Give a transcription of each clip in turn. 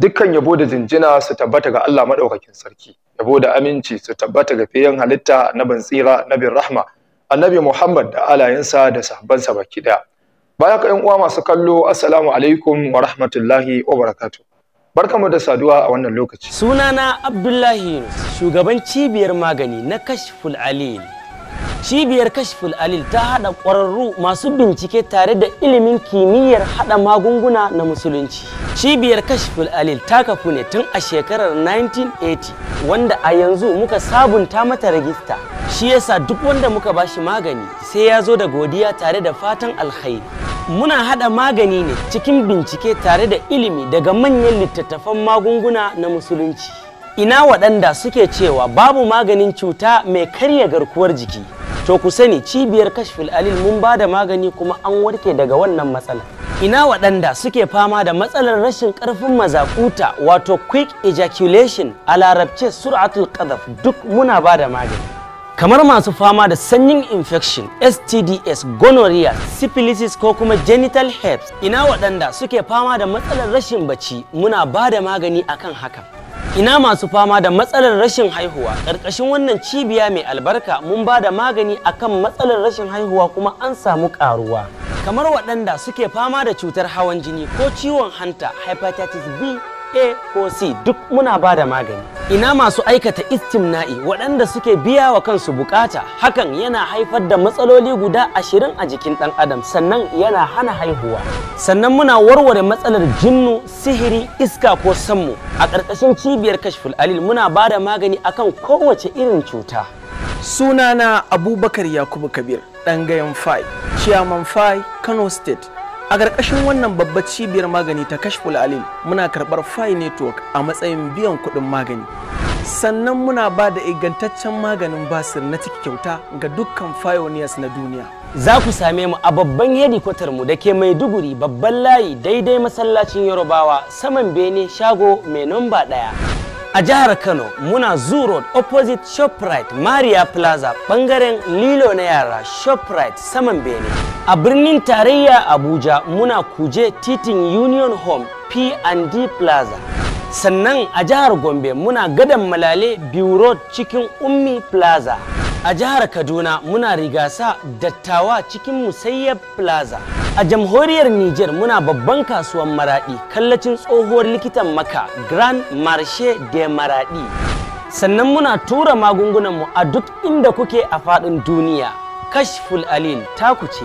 dukkan yabo da jinjina su tabbata ga Allah madaukakin sarki yabo da aminci su tabbata ga fiyan halitta annabin tsira annabin rahma annabi Muhammad da alayensa da sahabbansa baki daya baya ka yan uwa masu kallo assalamu alaikum wa rahmatullahi wa barakatuh barkamu da saduwa a wannan lokaci sunana Abdullahi shugaban cibiyar magani na Kashful Alil Cibiyar Kashful Alil ta haɗa ƙwararru masu bincike tare da ilimin kimiyyar haɗa magunguna na musulunci. Cibiyar Kashful Alil ta kafu ne tun a shekarar 1980 wanda a yanzu muka sabunta mata rajista. Shi yasa duk wanda muka bashi magani sai ya zo da godiya tare da fatan alkhairi. Muna haɗa magani ne cikin bincike tare da ilimi daga manyan littattafan magunguna na musulunci. ina waɗanda suke cewa babu maganin cuta mai karya garkuwar jiki to ku sani cibiyar kashfil alil mun ba da magani kuma an warke daga wannan matsala ina waɗanda suke fama da matsalar rashin ƙarfin mazakuta wato quick ejaculation a larabce sur'atul qadhaf duk muna ba da magani kamar masu fama da sanyin infection stds gonorrhea syphilis ko kuma genital herpes ina waɗanda suke fama da matsalar rashin bacci muna ba da magani akan hakan Ina masu fama da matsalar rashin haihuwa ƙarƙashin wannan cibiya mai albarka mun ba da magani a kan matsalar rashin haihuwa kuma an samu ƙaruwa. Kamar waɗanda suke fama da cutar hawan jini ko ciwon hanta hepatitis B A ko C duk muna ba da magani. Ina masu aikata istimna'i waɗanda suke biya wa kansu bukata hakan yana haifar da matsaloli guda ashirin a jikin ɗan adam sannan yana hana haihuwa. Sannan muna warware matsalar jinnu, sihiri, iska ko sammu. A ƙarƙashin cibiyar kashful alil muna ba da magani akan kowace irin cuta. Sunana Abubakar Yakubu Kabir, ɗan Fai, Chairman Fai, Kano State. A ƙarƙashin wannan babbar cibiyar magani ta Kashful Alil muna karɓar Fi Network a matsayin biyan kuɗin magani. Sannan muna ba da ingantaccen maganin basir na ciki kyauta ga dukkan pioneers na duniya. Za ku same mu a babban hedikwatar mu da ke mai duguri babban layi daidai masallacin Yarobawa saman Bene shago mai namba ɗaya. a jihar kano muna zoo road opposite shoprite maria plaza bangaren lilo na yara shoprite saman bene a birnin tarayya abuja muna kuje titin union home p&d plaza sannan a jihar gombe muna gadan malale biu road cikin ummi plaza a jihar kaduna muna rigasa dattawa cikin musayyab plaza A jamhuriyar Nijar muna babban kasuwan maraɗi kallacin tsohuwar likitan maka Grand Marche de Maraɗi. Sannan muna tura magungunanmu a duk inda kuke a faɗin duniya. Kashful Alil ta kuce.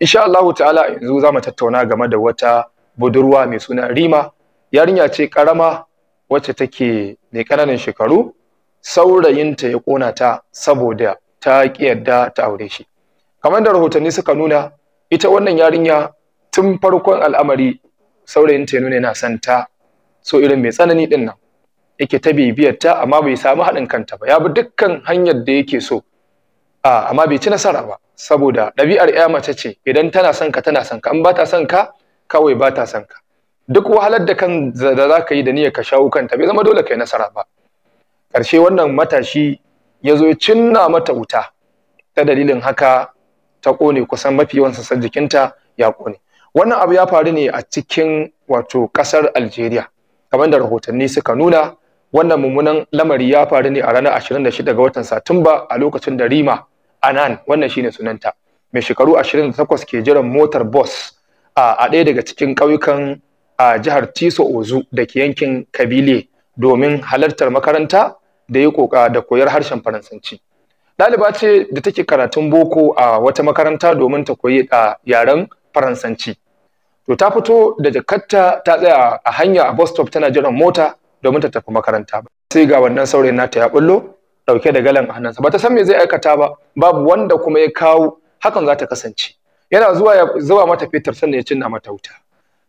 Insha Allahu ta'ala yanzu za mu tattauna game da wata budurwa mai suna Rima. Yarinya ce karama wacce take mai ƙananan shekaru saurayinta ya ƙona ta saboda ta ƙi yarda ta aure shi. Kamar da rahotanni suka nuna ita wannan yarinya tun farkon al'amari saurayin ta nuna yana son ta so irin mai tsanani din nan yake ta bibiyar ta amma bai samu haɗin kanta ba ya bi dukkan hanyar da yake so amma bai ci nasara ba saboda ɗabi'ar ya mace ce idan tana son ka tana son ka in ba ta son ka kawai ba ta son ka duk wahalar da kan da za ka yi da niyyar ka shawo kanta bai zama dole ka yi nasara ba ƙarshe wannan matashi ya zo cinna mata wuta ta dalilin haka ta kone kusan mafi yawan sassan jikinta ya kone wannan abu ya faru ne a cikin wato kasar Algeria kamar da rahotanni suka nuna wannan mummunan lamari ya faru ne a ranar 26 ga watan Satumba a lokacin da Rima Anan wannan shine sunanta mai shekaru 28 ke jiran motar bus a ɗaya daga cikin ƙauyukan a jihar Tiso Ozu da ke yankin Kabile domin halartar makaranta da yi koka da koyar harshen Faransanci ɗaliba ce da take karatun boko a wata makaranta domin ta koyi a yaren faransanci to ta fito da jakarta ta tsaya a hanya a bus stop tana jiran mota domin ta tafi makaranta sai ga wannan saurayin nata ya bullo ɗauke da galan a hannunsa ba ta san me zai aikata ba babu wanda kuma ya kawo hakan za ta kasance yana zuwa ya zuwa mata fetur sannan ya cinna mata wuta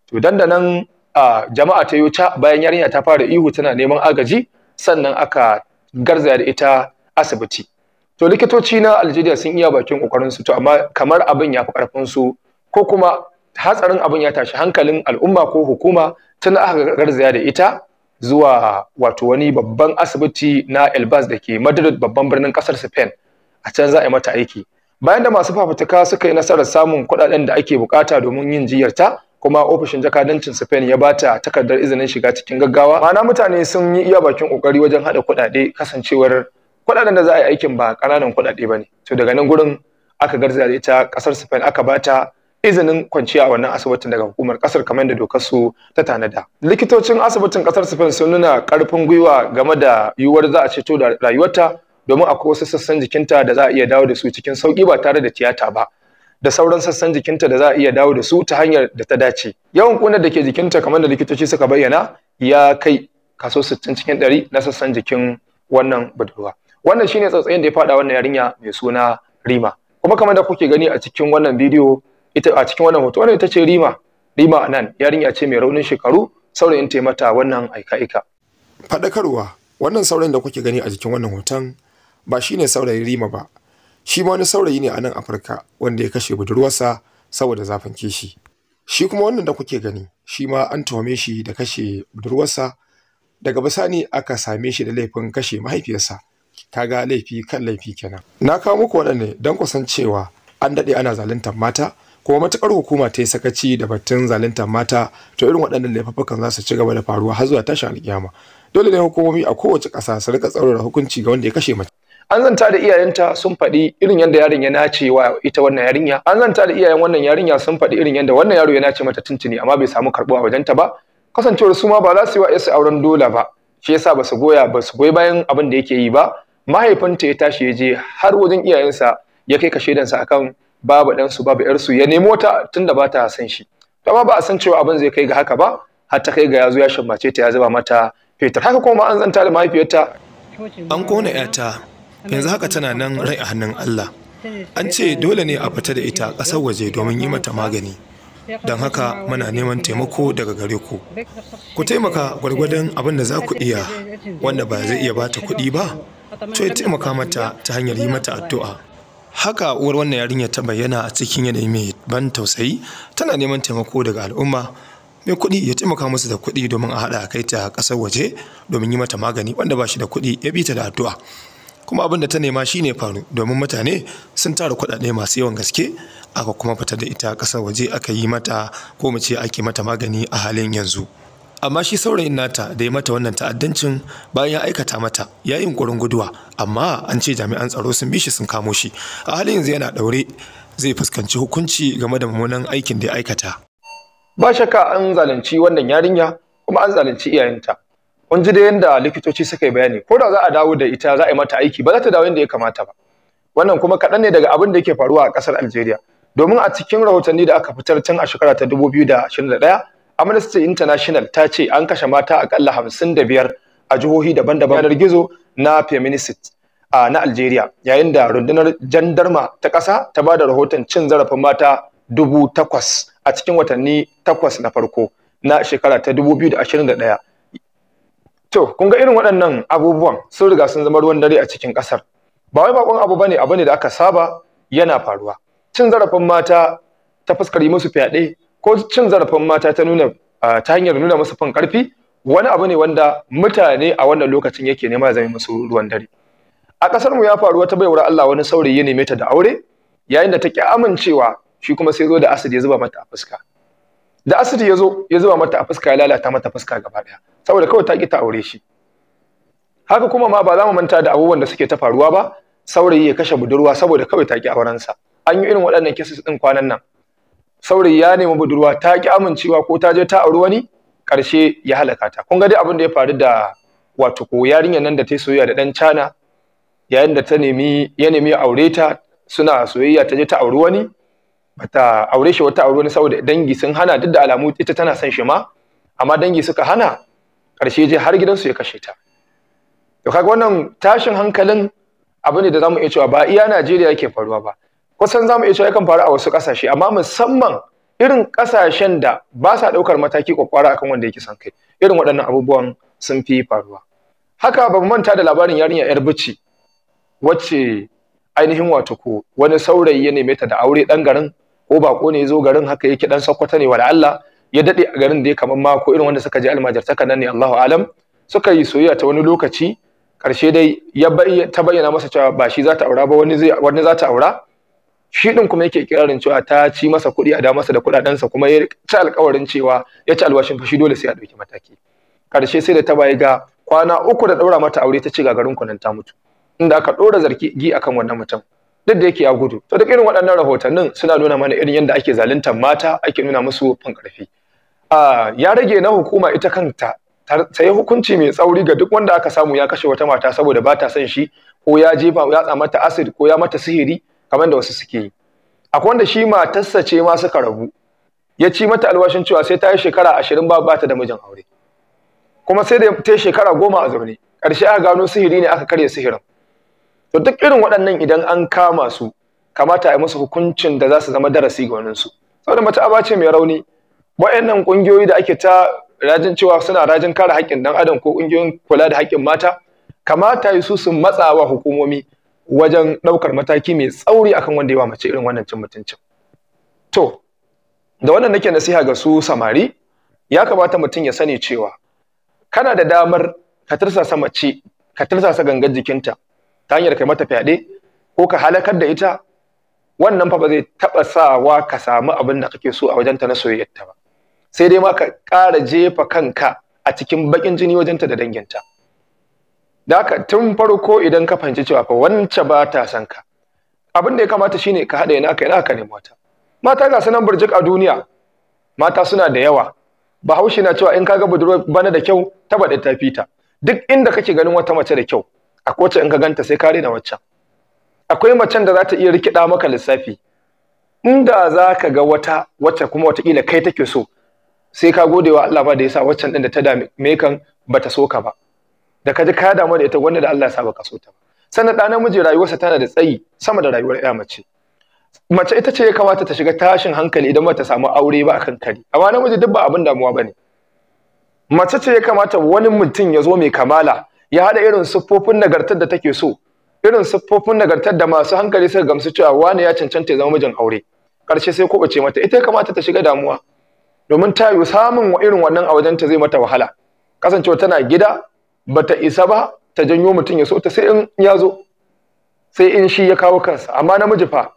to dan da nan jama'a ta yi bayan yarinya ta fara ihu tana neman agaji sannan aka garzaya da ita asibiti to likitoci na Algeria sun iya bakin kokarin su to amma kamar abin ya fi su ko kuma hatsarin abin ya tashi hankalin al'umma ko hukuma tana aka garzaya da ita zuwa wato wani babban asibiti na Elbas da ke Madrid babban birnin kasar Spain a can za a yi mata aiki bayan da masu fafutuka suka yi nasarar samun kuɗaɗen da ake bukata domin yin jiyarta kuma ofishin jakadancin Spain ya bata takardar izinin shiga cikin gaggawa ma'ana mutane sun yi iya bakin kokari wajen hada kuɗaɗe kasancewar kuɗaɗen da za a yi aikin ba ƙananan kuɗaɗe ba ne to daga nan gurin aka garzaya ta ita ƙasar Spain aka bata izinin kwanciya a wannan asibitin daga hukumar ƙasar kamar da dokar su ta tanada likitocin asibitin ƙasar Spain sun nuna ƙarfin gwiwa game da yiwuwar za a ceto da rayuwarta domin akwai wasu sassan jikinta da za a iya dawo da su cikin sauƙi ba tare da tiyata ba da sauran sassan jikinta da za a iya dawo da su ta hanyar da ta dace yawan kunar da ke jikinta kamar da likitoci suka bayyana ya kai kaso 60 cikin 100 na sassan jikin wannan budurwa wannan shine tsatsayin da ya faɗa wannan yarinya mai suna Rima kuma kamar da kuke gani a cikin wannan bidiyo ita a cikin wannan hoto wannan ita ce Rima Rima anan yarinya ce mai raunin shekaru saurayin ta mata wannan aika-aika faɗakarwa wannan saurayin da kuke gani a jikin wannan hoton ba shine saurayin Rima ba shi ma wani saurayi ne a nan Afirka wanda ya kashe budurwarsa saboda zafin kishi shi kuma wannan da kuke gani shi ma an tuhume shi da kashe budurwarsa daga bisani aka same shi da laifin kashe mahaifiyarsa ga laifi kan laifi kenan na kawo muku waɗanne don kusan cewa an daɗe ana zaluntar mata kuma matuƙar hukuma ta yi sakaci da batun zaluntar mata to irin waɗannan laifafukan za su ci gaba da faruwa har zuwa tashin alƙiyama dole ne hukumomi a kowace ƙasa su rika tsaurara hukunci ga wanda ya kashe mace an zanta da iyayenta sun faɗi irin yadda yarin ya nace wa ita wannan yarinya an zanta da iyayen wannan yarinya sun faɗi irin yadda wannan yaro ya nace mata tuntuni amma bai samu karɓuwa wajenta ba kasancewar su ma ba za su yi wa yasu auren dola ba shi yasa ba su goya ba su goyi bayan abin da yake yi ba mahaifinta ya tashi ya je har wajen iyayensa ya kai dansa akan babu ɗansu babu ƴarsu, ya nemo ta tunda ba ta san shi to amma ba a san cewa abin zai kai ga haka ba har ta kai ga ya ya shammace ta ya zuba mata fetur haka kuma an zanta da mahaifiyarta an kona ‘yata yanzu haka tana nan rai a hannun Allah an ce dole ne a fita da ita ƙasar waje domin yi mata magani don haka muna neman taimako daga gare ku ku taimaka gwargwadon abin da za ku iya wanda ba zai iya bata kuɗi ba to ya taimaka mata ta hanyar yi mata addu'a haka uwar wannan yarinya ta bayyana a cikin yanayi mai ban tausayi tana neman taimako daga al'umma mai kuɗi ya taimaka musu da kuɗi domin a haɗa a kai ta ƙasar waje domin yi mata magani wanda ba shi da kuɗi ya bi ta da addu'a kuma abin da ta nema shine faru domin mutane sun tara kuɗaɗe masu yawan gaske aka kuma fita da ita ƙasar waje aka yi mata ko mu ce ake mata magani a halin yanzu. amma shi saurayin nata da ya mata wannan ta'addancin bayan ya aikata mata ya yi yunkurin guduwa amma an ce jami'an tsaro sun bi shi sun kamo shi a halin yanzu yana daure zai fuskanci hukunci game da mummunan aikin da ya aikata ba shakka an zalunci wannan yarinya kuma an zalunci iyayenta kun ji da yanda likitoci suka yi bayani ko da za a dawo da ita za a yi mata aiki ba za ta dawo yadda ya kamata ba wannan kuma kaɗan ne daga abin da yake faruwa a ƙasar Algeria domin a cikin rahotanni da aka fitar tun a shekara ta dubu biyu da da ashirin ɗaya Amnesty International ta ce an kashe mata akalla hamsin da biyar a jihohi daban-daban yanar gizo na Feminist a na Algeria yayin da rundunar jandarma ta ƙasa ta ba da rahoton cin zarafin mata dubu takwas a cikin watanni takwas na farko na shekara ta dubu biyu da ashirin da ɗaya. To, kun ga irin waɗannan abubuwan sun riga sun zama ruwan dare a cikin ƙasar. Ba wai bakon abu bane abu ne da aka saba yana faruwa. Cin zarafin mata ta fuskar yi musu fyaɗe ko cin zarafin mata ta nuna ta hanyar nuna masa fin karfi wani abu ne wanda mutane a wannan lokacin yake nema zama musu ruwan dare a kasar mu ya faru wata baiwar Allah wani saurayi ya neme ta da aure yayin da ta ki amincewa shi kuma sai zo da asidi ya zuba mata a fuska da asidi ya zo ya zuba mata a fuska ya lalata mata fuska gaba daya saboda kawai ta ki ta aure shi haka kuma ma ba za mu manta da abubuwan da suke ta faruwa ba saurayi ya kashe budurwa saboda kawai ta ki aurensa an yi irin waɗannan cases din kwanan nan saurayi ya nemi budurwa ta ki amincewa ko ta je ta auri wani ƙarshe ya halaka ta kun ga dai abin da ya faru da wato ko yarinyar nan da ta soyayya da dan cana yayin da ta nemi ya nemi aure ta suna soyayya ta je ta auri wani bata aure shi wata auri wani saboda dangi sun hana duk da alamu ita tana son shi ma amma dangi suka hana karshe je har gidansu ya kashe ta to kaga wannan tashin hankalin abu ne da zamu iya cewa ba iya Najeriya yake faruwa ba kusan zamu iya cewa yakan faru a wasu kasashe amma musamman irin ƙasashen da ba sa daukar mataki kwakwara akan wanda yake son kai irin waɗannan abubuwan sun fi faruwa haka ba mu manta da labarin yarinya yar bici wacce ainihin wato ko wani saurayi ya neme ta da aure dan garin ko baƙo ne ya zo garin haka yake dan sakkwata ne wala Allah ya dade a garin da ya kamar ma ko irin wanda suka je almajartaka nan ne Allahu alam suka yi soyayya ta wani lokaci karshe dai ya ta bayyana masa cewa ba shi za ta aura ba wani zai wani za ta aura shi din kuma yake kirarin cewa ta ci masa kuɗi a da masa da sa kuma ya ci alƙawarin cewa ya ci alwashin shi dole sai a ɗauki mataki Karshe sai da ta bayi ga kwana uku da ɗaura mata aure ta ci gagarin kunan ta mutu inda aka ɗora zargi akan wannan mutum duk da yake ya gudu to duk irin waɗannan rahotannin suna nuna mana irin yadda ake zaluntar mata ake nuna musu fin ƙarfi ya rage na hukuma ita kanta ta yi hukunci mai tsauri ga duk wanda aka samu ya kashe wata mata saboda ba ta son shi ko ya jefa ya tsamata acid ko ya mata sihiri kamar da wasu suke yi akwai wanda shi matarsa ce ma suka rabu ya ci mata alwashin cewa sai ta yi shekara ashirin ba bata da mijin aure kuma sai da ta yi shekara goma a zaune ƙarshe aka gano sihiri ne aka karya sihirin to duk irin waɗannan idan an kama su kamata a yi musu hukuncin da za su zama darasi ga su. saboda mace aba ce mai rauni waɗannan ƙungiyoyi da ake ta rajin cewa suna rajin kare haƙƙin ɗan adam ko ƙungiyoyin kula da haƙƙin mata kamata yi su su matsawa hukumomi wajen ɗaukar mataki mai tsauri akan wanda yawa mace irin wannan cin mutuncin to da wannan nake nasiha ga su samari ya kamata mutum ya sani cewa kana da damar ka tursasa mace ka tursasa gangar jikinta ta hanyar kai mata fyaɗe ko ka halakar da ita wannan fa ba zai taɓa sawa ka samu abin da kake so a wajenta na soyayyarta ba sai dai ma ka ƙara jefa kanka a cikin baƙin jini wajenta da danginta da haka tun farko idan ka fahimci cewa fa wance ba ta son ka abin da ya kamata shine ka haɗa yana kai naka ne mata mata ga sanan burjik a duniya mata suna da yawa bahaushe na cewa in ka ga budurwa bana da kyau ta baɗe ta fita duk inda kake ganin wata mace da kyau a kowace in ka ganta sai ka rena waccan akwai macen da za ta iya rikida maka lissafi inda za ka ga wata wacce kuma watakila kai take so sai ka gode wa Allah ba da yasa waccan ɗin da ta dame kan bata so ka ba da ka ji ka damu da ita wanda da Allah ya saba kaso ta sannan ɗa namiji rayuwarsa tana da tsayi sama da rayuwar ya mace mace ita ce ya kamata ta shiga tashin hankali idan ba ta samu aure ba akan kari amma namiji duk ba abin damuwa bane mace ce ya kamata wani mutum ya zo mai kamala ya hada irin siffofin nagartar da take so irin siffofin nagartar da masu hankali suka gamsu cewa wani ya cancanta ya zama mijin aure karshe sai ko bace mata ita ya kamata ta shiga damuwa domin ta yi samun irin wannan a ta zai mata wahala kasancewa tana gida bata isa ba ta janyo mutum ya so ta sai in ya zo sai in shi ya kawo kansa amma namiji fa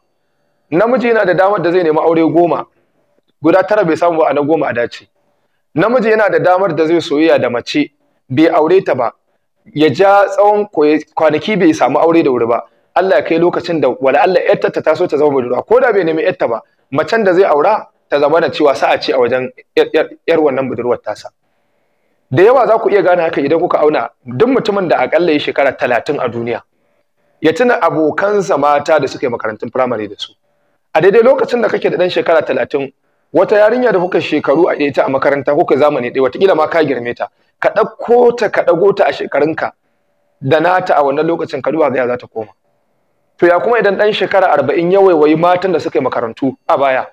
namiji yana da damar da zai nemi aure goma guda tara bai samu ba a na goma a dace namiji yana da damar da zai soyayya da mace bai aure ta ba ya ja tsawon kwanaki bai samu aure da wuri ba Allah ya kai lokacin da wala Allah yarta ta taso ta zama budurwa ko da bai nemi yarta ba macen da zai aura ta zama da cewa sa'a ce a wajen yar wannan budurwar tasa da yawa za ku iya gane haka idan kuka auna duk mutumin da akalla ya shekara talatin a duniya ya tuna abokansa mata da suka yi makarantun firamare da su a daidai lokacin da kake da ɗan shekara talatin wata yarinya da kuka shekaru a ita a makaranta kuka zamani ɗaya watakila ma ka girme ta ka ɗauko ta ka ɗago ta a shekarunka da nata a wannan lokacin ka duba ga za ta koma to ya kuma idan ɗan shekara arba'in ya waiwayi matan da suka yi makarantu a baya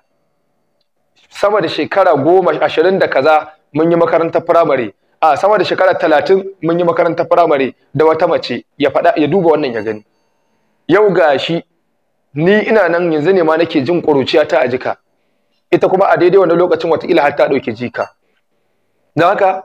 sama da shekara goma ashirin da kaza mun yi makarantar firamare a sama da shekara talatin mun yi makarantar firamare da wata mace ya faɗa ya duba wannan ya gani yau ga shi ni ina nan yanzu ne ma nake jin ƙuruciya ta a jika ita kuma a daidai wannan lokacin wataƙila har ta ɗauki jika don haka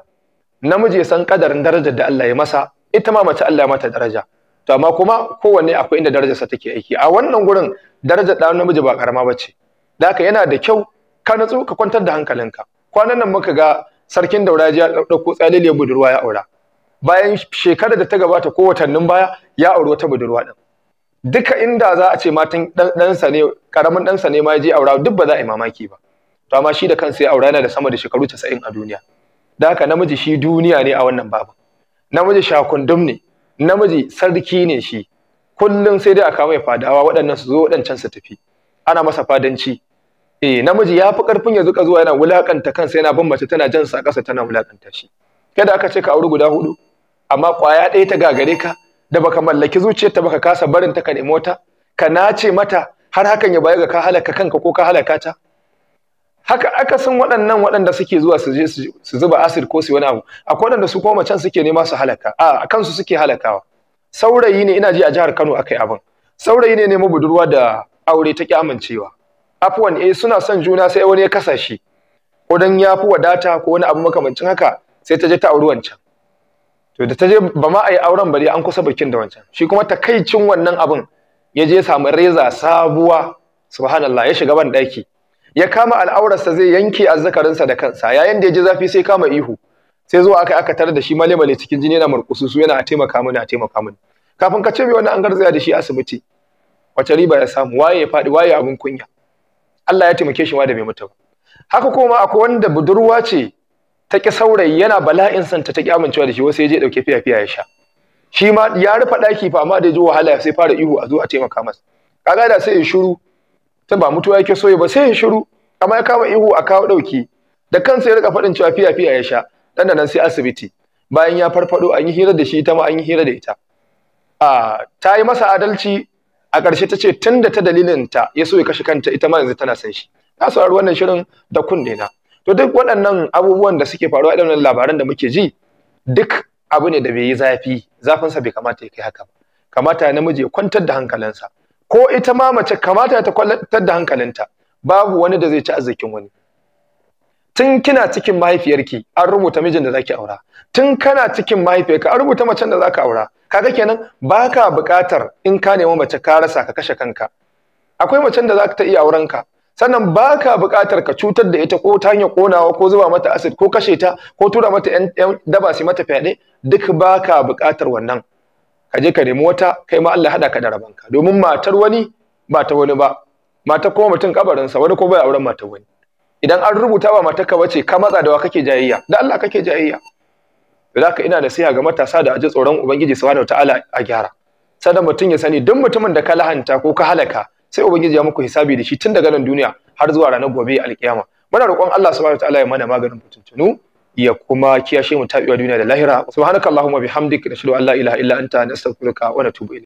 namiji ya san ƙadarin darajar da Allah ya masa ita ma mace Allah ya mata daraja to amma kuma kowanne akwai inda darajarsa take aiki a wannan gurin darajar ɗan namiji ba ƙarama ba ce da haka yana da kyau ka natsu ka kwantar da hankalinka kwanan nan muka ga sarkin daura ya ɗauko tsaliliyar budurwa ya aura bayan shekarar da ta gabata ko watannin baya ya auri wata budurwa din duka inda za a ce matan sa ne karamin ɗansa ne ma ya je aura duk ba za a yi mamaki ba to amma shi da kansa ya aura yana da sama da shekaru 90 a duniya da haka namiji shi duniya ne a wannan babu namiji shakundum ne namiji sarki ne shi kullum sai dai a kawo mai fadawa waɗannan su zo waɗancan su tafi ana masa fadanci eh namiji ya fi karfin ya zuka zuwa yana wulakanta kansa yana bin mace tana jan sa ƙasa tana wulakanta shi kada aka ce ka auri guda hudu amma kwaya ɗaya ta gagare ka da baka mallaki zuciyar ta baka kasa barin ta ka nemi wata ka nace mata har hakan ya baya ga ka halaka kanka ko ka halaka ta haka akasin waɗannan waɗanda suke zuwa su je su zuba asir ko su wani abu akwai waɗanda su kuma macen suke nema su halaka a kansu suke halakawa saurayi ne ina ji a jihar Kano akai abin saurayi ne nemi budurwa da aure ta kyamancewa amincewa afwan eh suna son juna sai wani ya kasa shi ko dan ya fi wadata ko wani abu makamancin haka sai ta je ta auri wancan to da ta je ba ma a yi auren bare an kusa bikin da wancan shi kuma takaicin wannan abin ya je samu reza sabuwa subhanallah ya shiga ban daki ya kama al'aurarsa zai yanke azzakarinsa da kansa yayin da ya je zafi sai kama ihu sai zuwa aka aka tare da shi male male cikin jini yana murkususu yana a taimaka mini a taimaka mini kafin ka ce mai wannan an garzaya da shi asibiti wace riba ya samu waye ya faɗi waye abin kunya Allah ya taimake shi ma da mai mutu ba haka kuma akwai wanda budurwa ce ta ki saurayi yana bala'in san ta ki amincewa da shi wasu ya je dauke fiya fiya ya sha shi ma ya rufe daki fa amma da ji wahala sai fara ihu a zo a taimaka masa kaga da sai ya shiru ta ba mutuwa yake so ba sai ya shiru amma ya kama ihu a kawo dauki da kansa ya rika faɗin cewa fiya fiya ya sha dan nan sai asibiti bayan ya farfado an yi hira da shi ta ma an yi hira da ita a ah, ta yi masa adalci a ƙarshe ta ce tun da ta dalilin ta ya so ya kashe kanta ita ma yanzu tana san shi na saurari wannan shirin da kunne na to duk waɗannan abubuwan da suke faruwa wannan labaran da muke ji duk abu ne da bai yi zafi zafin sa bai kamata ya kai haka ba kamata ya namiji ya kwantar da hankalinsa ko ita ma mace kamata ta kwantar da hankalinta babu wani da zai ci arzikin wani tun kina cikin mahaifiyarki an rubuta mijin da zaki aura tun kana cikin mahaifiyarka an rubuta macen da zaka aura kaga kenan baka buƙatar in ka nemi mace ka rasa ka kashe kanka akwai macen da zaka ta iya auren ka sannan baka buƙatar ka cutar da ita ko ta hanyar konawa ko zuba mata asid, ko kashe ta ko tura mata yan daba su mata fyaɗe duk baka buƙatar wannan ka je ka nemi wata kai ma Allah hada ka da rabanka domin matar wani ba ta wani ba mata kuma mutum sa wani ko bai auren matar wani idan an rubuta ba matarka bace ka matsa da wa kake jayayya da Allah kake jayayya zaka ina nasiha ga matasa da aji tsoron ubangiji subhanahu wataala a gyara sannan mutum ya sani duk mutumin da ka lahanta ko ka halaka sai ubangiji ya muku hisabi da shi tun daga nan duniya har zuwa ranar gobe alkiyama muna roƙon Allah subhanahu wataala ya mana maganin fitintunu ya kuma kiyashe mu tabiwa duniya da lahira subhanakallahumma bihamdika nashhadu an la ilaha illa anta nastaghfiruka wa natubu